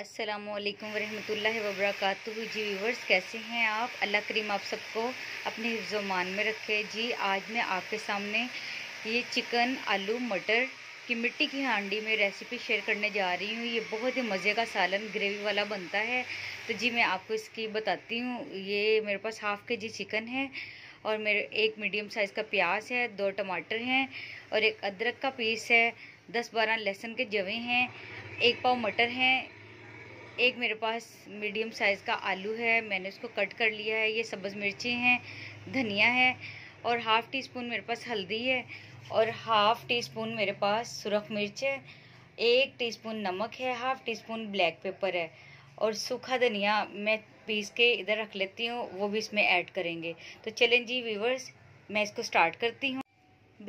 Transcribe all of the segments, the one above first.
असलम वरहमल वबरक जी व्यूवर्स कैसे हैं आप अल्लाह करीम आप सबको अपने हिफ्जमान में रखे जी आज मैं आपके सामने ये चिकन आलू मटर की मिट्टी की हांडी में रेसिपी शेयर करने जा रही हूँ ये बहुत ही मज़े का सालन ग्रेवी वाला बनता है तो जी मैं आपको इसकी बताती हूँ ये मेरे पास हाफ़ के जी चिकन है और मेरे एक मीडियम साइज़ का प्याज है दो टमाटर हैं और एक अदरक का पीस है दस बारह लहसुन के जवे हैं एक पाव मटर हैं एक मेरे पास मीडियम साइज़ का आलू है मैंने उसको कट कर लिया है ये सब्ज़ मिर्ची हैं धनिया है और हाफ़ टी स्पून मेरे पास हल्दी है और हाफ़ टी स्पून मेरे पास सुरख मिर्च है एक टी स्पून नमक है half teaspoon black pepper है और सूखा धनिया मैं पीस के इधर रख लेती हूँ वो भी इसमें ऐड करेंगे तो चलें जी व्यूवर्स मैं इसको स्टार्ट करती हूँ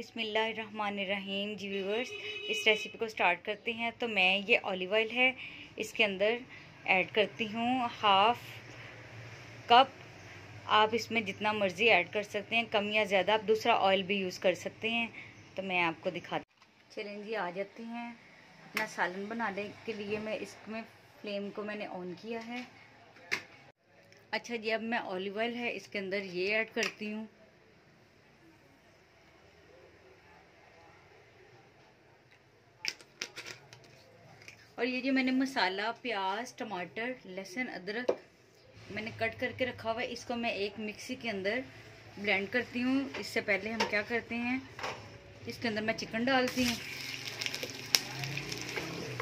रहीम जी व्यूवर्स इस रेसिपी को स्टार्ट करते हैं तो मैं ये ऑलिव ऑयल है इसके अंदर ऐड करती हूँ हाफ कप आप इसमें जितना मर्ज़ी ऐड कर सकते हैं कम या ज़्यादा आप दूसरा ऑयल भी यूज़ कर सकते हैं तो मैं आपको दिखाती चलें जी आ जाती हैं अपना सालन बनाने के लिए मैं इसमें फ्लेम को मैंने ऑन किया है अच्छा जी अब मैं ऑलिव ऑयल है इसके अंदर ये ऐड करती हूँ और ये जो मैंने मसाला प्याज टमाटर लहसुन अदरक मैंने कट करके रखा हुआ है इसको मैं एक मिक्सी के अंदर ब्लेंड करती हूँ इससे पहले हम क्या करते हैं इसके अंदर मैं चिकन डालती हूँ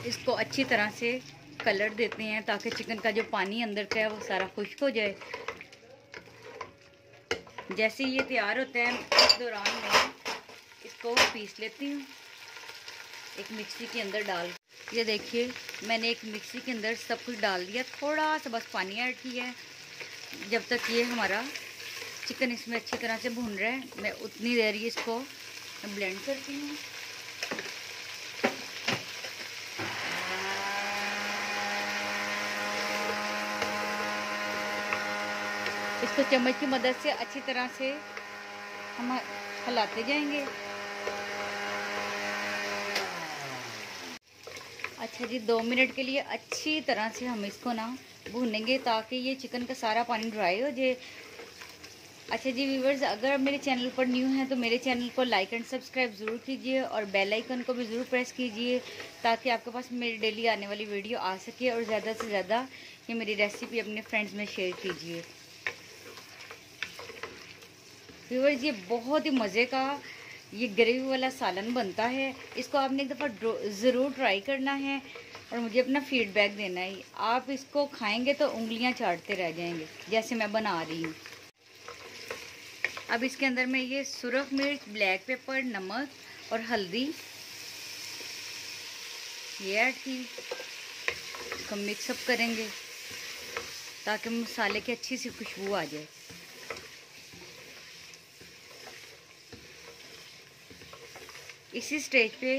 इसको अच्छी तरह से कलर देते हैं ताकि चिकन का जो पानी अंदर का है वो सारा खुश्क हो जाए जैसे ये तैयार होता है इस दौरान मैं इसको पीस लेती हूँ एक मिक्सी के अंदर डाल ये देखिए मैंने एक मिक्सी के अंदर सब कुछ डाल दिया थोड़ा सा बस पानी ऐड किया है जब तक ये हमारा चिकन इसमें अच्छी तरह से भून रहा है मैं उतनी देर ही इसको ब्लेंड करती हूँ इसको चम्मच की मदद से अच्छी तरह से हम हलाते जाएंगे अच्छा जी दो मिनट के लिए अच्छी तरह से हम इसको ना भूनेंगे ताकि ये चिकन का सारा पानी ड्राई हो जाए अच्छा जी व्यूवर्स अगर मेरे चैनल पर न्यू हैं तो मेरे चैनल को लाइक एंड सब्सक्राइब ज़रूर कीजिए और बेल आइकन को भी ज़रूर प्रेस कीजिए ताकि आपके पास मेरी डेली आने वाली वीडियो आ सके और ज़्यादा से ज़्यादा ये मेरी रेसिपी अपने फ्रेंड्स में शेयर कीजिए व्यूवर्स ये बहुत ही मज़े का ये ग्रेवी वाला सालन बनता है इसको आपने एक दफ़ा ज़रूर ट्राई करना है और मुझे अपना फीडबैक देना है आप इसको खाएंगे तो उंगलियां चाटते रह जाएंगे जैसे मैं बना रही हूँ अब इसके अंदर मैं ये सुरख मिर्च ब्लैक पेपर नमक और हल्दी ये ऐड की इसको मिक्सअप करेंगे ताकि मसाले की अच्छी सी खुशबू आ जाए इसी स्टेज पे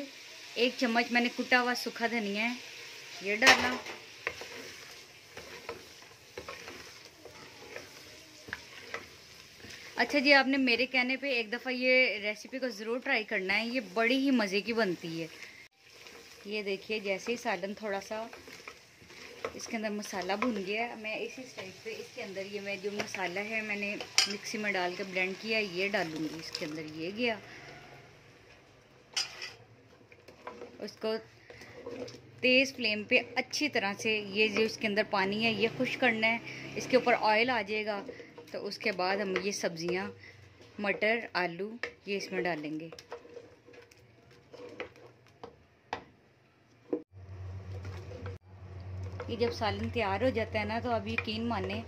एक चम्मच मैंने कुटा हुआ सूखा धनिया है ये डाला अच्छा जी आपने मेरे कहने पे एक दफ़ा ये रेसिपी को ज़रूर ट्राई करना है ये बड़ी ही मज़े की बनती है ये देखिए जैसे ही सालन थोड़ा सा इसके अंदर मसाला भुन गया मैं इसी स्टेज पे इसके अंदर ये मैं जो मसाला है मैंने मिक्सी में डाल के ब्लेंड किया ये डालूंगी इसके अंदर ये गया उसको तेज़ फ्लेम पे अच्छी तरह से ये जो इसके अंदर पानी है ये खुश करना है इसके ऊपर ऑयल आ जाएगा तो उसके बाद हम ये सब्ज़ियाँ मटर आलू ये इसमें डालेंगे ये जब सालन तैयार हो जाता है ना तो अब यकीन माने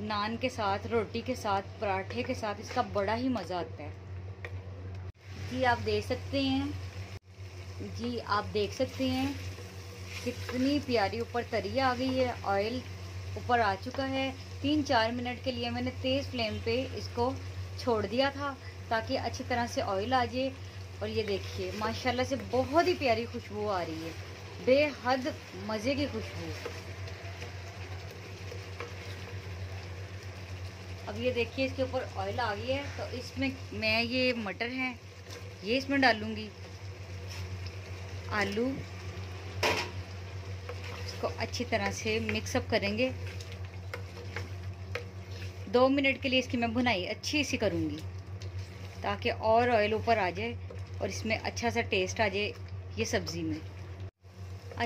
नान के साथ रोटी के साथ पराठे के साथ इसका बड़ा ही मज़ा आता है जी आप देख सकते हैं जी आप देख सकते हैं कितनी प्यारी ऊपर तरी आ गई है ऑयल ऊपर आ चुका है तीन चार मिनट के लिए मैंने तेज़ फ्लेम पे इसको छोड़ दिया था ताकि अच्छी तरह से ऑयल आ जाए और ये देखिए माशाल्लाह से बहुत ही प्यारी खुशबू आ रही है बेहद मज़े की खुशबू अब ये देखिए इसके ऊपर ऑयल आ गई है तो इसमें मैं ये मटर है ये इसमें डालूँगी आलू इसको अच्छी तरह से मिक्सअप करेंगे दो मिनट के लिए इसकी मैं भुनाई अच्छी सी करूँगी ताकि और ऑयल ऊपर आ जाए और इसमें अच्छा सा टेस्ट आ जाए ये सब्ज़ी में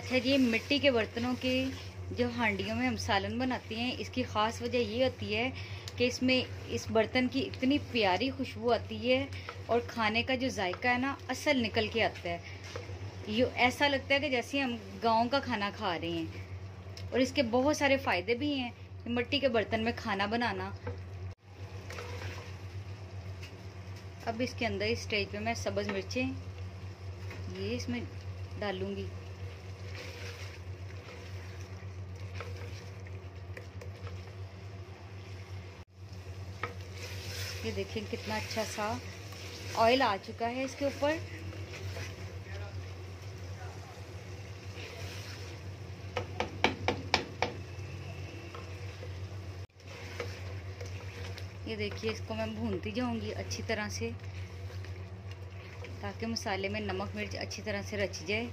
अच्छा जी मिट्टी के बर्तनों के जो हांडियों में हम सालन बनाते हैं इसकी ख़ास वजह ये होती है कि इसमें इस बर्तन की इतनी प्यारी खुशबू आती है और खाने का जो जायका है ना असल निकल के आता है ये ऐसा लगता है कि जैसे हम गांव का खाना खा रहे हैं और इसके बहुत सारे फ़ायदे भी हैं मिट्टी के बर्तन में खाना बनाना अब इसके अंदर इस स्टेज पे मैं सब्ज़ मिर्चें ये इसमें डालूंगी ये देखें कितना अच्छा सा ऑयल आ चुका है इसके ऊपर ये देखिए इसको मैं भूनती जाऊंगी अच्छी तरह से ताकि मसाले में नमक मिर्च अच्छी तरह से रच जाए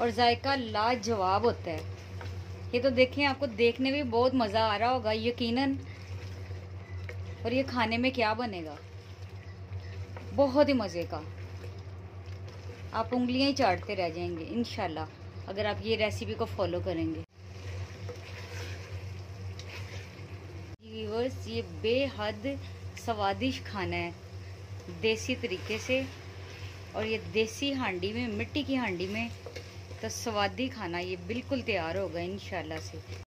और जायका लाजवाब होता है ये तो देखें आपको देखने में बहुत मज़ा आ रहा होगा यकीनन और ये खाने में क्या बनेगा बहुत ही मज़े का आप उंगलियां ही चाटते रह जाएंगे इन अगर आप ये रेसिपी को फॉलो करेंगे व्यूवर्स ये बेहद स्वादिष्ट खाना है देसी तरीके से और ये देसी हांडी में मिट्टी की हांडी में तो स्वादी खाना ये बिल्कुल तैयार होगा इन से